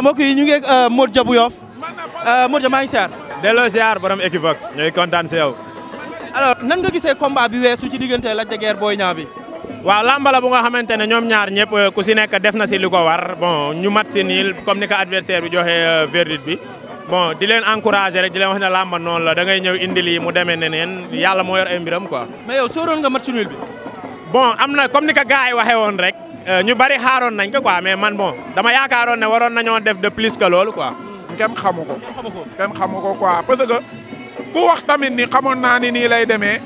voilà mbokk yi ñu ngi ak euh, Modou Dia bu Yoff euh, Modou Dia maa ngi siyaar. delloo ñooy kontaan si yow. nan nga gisee combat bi weesu ci diggante Lac de Guiers Boy waaw lamba la bu nga xamante ne ñoom ñaar ñëpp euh, ku si nekk def na si li ko war bon ñu mat si niil comme ni ko adversaire bi joxe verdict bi. bon di leen encouragé rek di leen wax ne làmba noonu la da ngay ñëw indi lii mu demee neneen yàlla moo yor ay mbiram quoi. mais yow sóoroon nga bi. bon Euh, ñu bari xaaroon nañ ko quoi mais man bon dama yaakaaroon ne waroon nañoo def de plus que loolu quoi. Mm, kenn xamu ko. kenn xamu ko quoi parce que ku wax tamit ni xamoon naa ni nii lay demee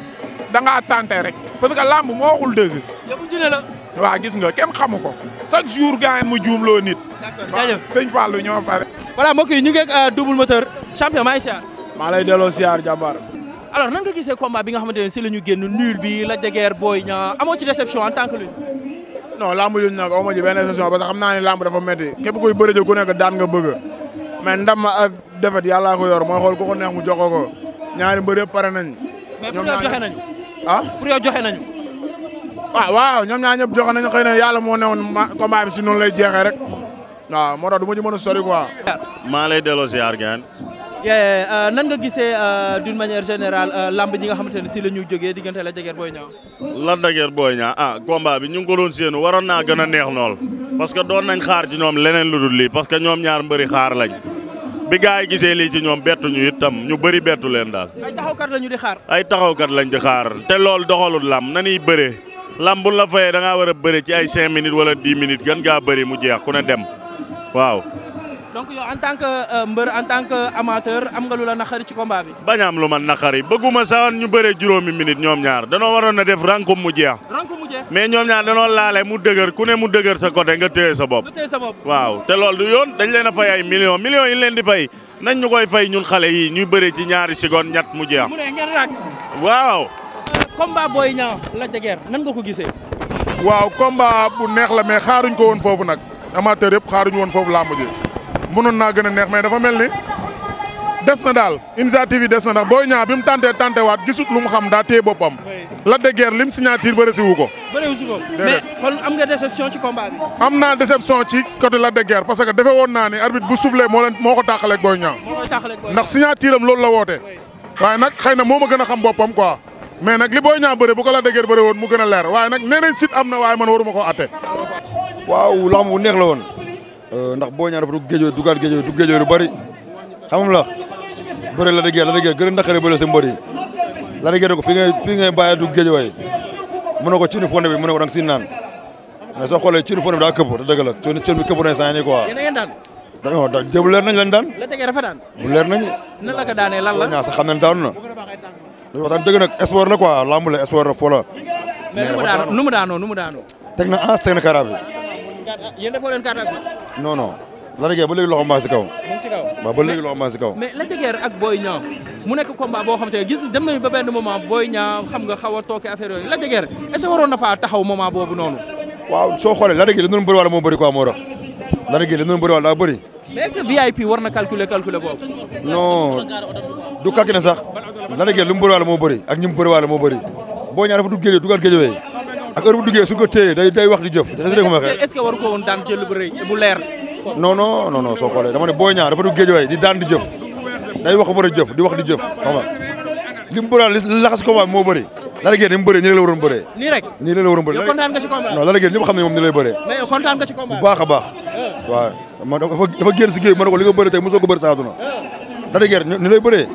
da ngaa tenté rek parce que làmb moo waxul dëgg. yëpp la. waaw gis nga kenn xamu ko chaque jour gars yi mu juumloo nit. d'accord jaajëf sëñ Fallou ñoo fare. voilà mbokk yi ñu ngi ak euh, double moteur champion maa ngi siyaar. maa lay delloo siyaar nan nga gisee combat bi nga xamante ne si la ñu génn nul bi la jegeer booy ñaa amoo ci déception en tant non lamb yooyu nag awma ji benn session parce que xam naa ne lamb dafa métti képp kuy bëri ku nekk daan nga bëgg mais ndam ak defet yàllaa ko yor mooy xool ku ko neex mu jox ko ñaari mbër yëpp pare nañ. mais pour yow joxe nañu. ah joxe nañu. ah waaw ñoom ñaar ñëpp joxe nañu xëy na yàlla moo newoon ma combat bi si noonu lay jeexee rek waaw moo tax du mën a sori quoi. maa lay delloo ziar gaan Euh, nan nga gisee euh, d'une manière général euh, lamb ñi nga xamante ne si la ñu jógee diggante la de Guiers Boy Niang. Lac de Guiers Boy Niang ah bi ñu ngi ko doon séenu waroon naa gën a neex nool parce que doon nañ xaar ci ñoom leneen lu dul lii parce que ñoom ñaar mbëri xaar lañ bi gars yi gisee lii ci ñoom bettu ñu itam ñu bëri bettu leen daal. ay taxawkat lañu di xaar. ay taxawkat lañ di xaar te loolu doxalul lamb nañuy bëree lamb bu la fayee da ngaa war a bëri ci ay 5 minutes wala 10 minutes gën gaa bëri mu jeex ku ne dem waaw donc yow en tant que euh, mbër en tant que amateur am nga lu la naqari ci combat bi. bañ am lu ma naqari bëgguma sax ñu bëre juróomi minute ñoom ñaar danoo waroon a def rankum mu jeex. rankum mu jeex mais ñoom ñaar danoo laale mu dëgër ku mu dëgër sa côté nga sa bopp. nga bopp waaw te loolu du yoon dañ leen a fay ay millions millions yi leen di fay nañ ñu koy fay ñun xale yi ñuy bëree ci ñaari seconde ñett mu jeex. mu ne ngeen raak. waaw. Euh, combat Boy Niang Lac de Guiers nan nga ko gisee. waaw combat bu neex la mais xaaruñ ko woon foofu nag amateur yëpp xaaruñu woon foofu làmb ji mënoon naa gën a neex mais dafa mel ni des na daal initiative yi des na ndax booy ñaa bi mu tàntee tànte waat gisut lu mu xam daal téye boppam. la de guerre lim signature bëre si wu ko. bëre si ko mais kon am nga déception ci combat bi. am naa déception ci côté la de guerre parce que defe woon naa ni arbitre bu soufflé moo leen moo ko tàqaleeg booy ñaa. ndax signature am loolu la woote. waaye nag xëy na moo ma gën a xam boppam quoi mais nag li booy ñaa bëre bu ko la de guerre bëre woon mu gën a leer waaye nag nee nañ am na waaye man waruma koo atte. waaw lamb bu neex la woon. Euh, ndax Boy Niang dafa dugg géejoo duggaat géejoo dugg géejoo lu bari xamam la bëre la dëgg la dëgg gën a naqaree bëre sa mbër la dëgg ne ko fi ngay fi ngay bàyyi dugg géejoo yi mu ne ko cin fonde bi mu ne ko dang si naan mais soo xoolee cin fonde bi daa këpp te dëgg la cin cin bi këpp na saa nii quoi dañoo da jëb leer nañ lañ la tegee dafa leer nañ nan la ko daanee lan la ñaa sax xam nañ daanu na dañu waxtaan dëgg nag sport la quoi la sport la fo la mais nu mu daanoo nu mu daanoo teg na ans teg na Ah, yéen defoo leen taa d'identité. non non. Lac de Guiers ba léegi ci kaw waaw ba léegi loxo mbaa si kaw. mais Lac de Guiers ak Boy Niang mu nekk combat boo xam te gis dem nañu ba benn moment Boy xam nga xaw a tooke affaire yooyu Lac de Guiers waroon na taxaw moment boobu noonu. waaw soo xoolee Lac de Guiers li doon bëri wala moo bëri quoi moo tax Lac de Guiers li doon bëri wala VIP war na calculer calculer boobu. non du calculer sax Lac de Guiers lu mu moo bëri ak ñi mu bëri wala moo bëri Boy Niang dafa dugg géej dugal ak heure bu duggee su ko téyee day day wax di jëf. est-ce que waru ko woon daan jël bu rëy bu leer. non non non non soo xoolee dama ne Boy Niang dafa dugg géej waay di daan di jëf day wax bëri jëf di wax di jëf xam nga li mu bëri li laxas combat bi moo bëri. Lac de Guiers ni mu bëree nii la waroon bëree. nii rek nii la waroon bëree. yow kontaan nga ci combat non Lac de Guiers ñëpp xam ne moom ni lay bëree. mais yow kontaan nga ci combat bu baax a baax. waaw man dafa dafa génn si géej ma ne ko li nga bëree tey mosoo ko bëri saatu na. Lac de Guiers ni lay bëree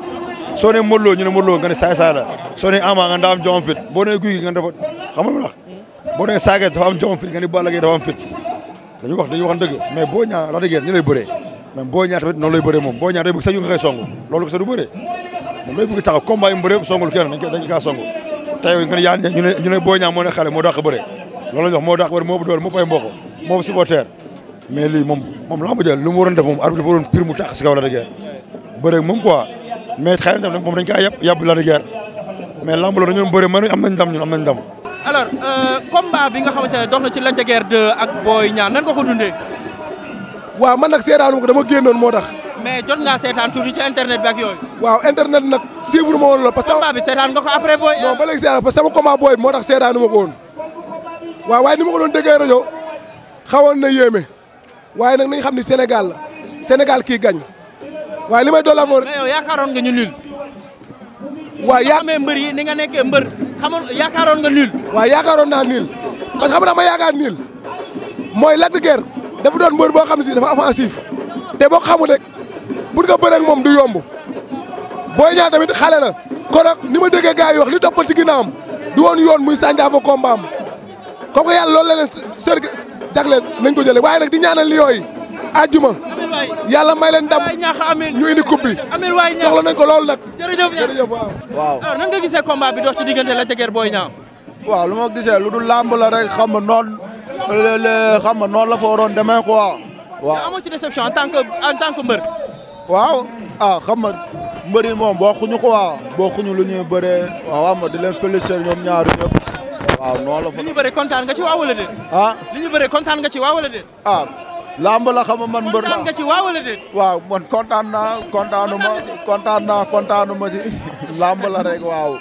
soo nee Modou Lo ñu ne Modou Lo nga ne saay saay la soo nee Ama nga ndaam jom fit boo nee guy gi nga dafa xamal ma wax boo nee Sa Thiès dafa am jom fit nga ni Balla Gaye dafa am fit dañu wax dañu wax dëgg mais boo ñaa la dëgg ni bëree même boo ñaa tamit noonu lay bëree moom boo ñaa day bëgg sax moom moo xale moo dàq bëree loolu la ñu wax moo dàq bëree moo moo moom moom lamb jël na moom dañ kaa yàpp yàpp la lamb loolu dañu bëree mën am ndam ñun am ndam alors euh, combat bi nga xamante ne dox na ci la de Guiers 2 ak Boy Niang nan nga ko dundee. waaw man nag seetaanu ko dama génnoon moo tax. mais jot ngaa seetaan tuuti ci internet bi ak yooyu. waaw internet nag suivre ma woon la parce que. combat bi seetaan nga ko après booy. non ba léegi seetaan parce waaw waaye ni ma ko doon déggee rajo xawoon na yéeme waaye nag nañ xam ni Sénégal la Sénégal kii gañ waaye li may doon la mais yow yaakaaroon nga ñu nul. waaw yaa amee mbër yi ni nga nekkee mbër. xamoon yaakaaroon nga niil. waaw yaakaaroon naa niil parce que xam ma yaakaar niil mooy Lac de Guiers dafa doon mbër boo xam si dafa offensif te boo xamul rek pour nga bëre ak moom du yomb Boy Niang tamit xale la kon nag ni ma déggee gars yi wax li toppal ci ginnaawam du woon yoon muy sànjaafa combat am comme que yàlla loolu la leen sër jagleel nañ ko jëlee waaye nag di ñaanal li yooyu àjjuma yàlla may leen ndam ñu indi coupe bi soxla nañ ko loolu nag. jërëjëf jërëjëf waaw. waaw alors nan nga gisee combat bi dox ci diggante Lac de Guiers Boy waaw lu ma gisee lu dul làmb la rek xam nga noonu xam nga noonu la fa waroon demee quoi. waaw amoo ci déception en tant que en tant que mbër. waaw a ah, xam nga mbër yi moom bokkuñu quoi bokkuñu lu ñuy bëree waaw xam nga di leen féliciter ñoom ñaaru ñëpp. waaw noonu la fa li ñu bëree kontaan nga ci waaw wala déet. Ah? li ñu bëree kontaan nga ci waaw wala lamb la xam man mbër la kontaan ci waaw wala waaw man kontaan naa kontaanu ma kontaan naa kontaanu ma la rek waaw.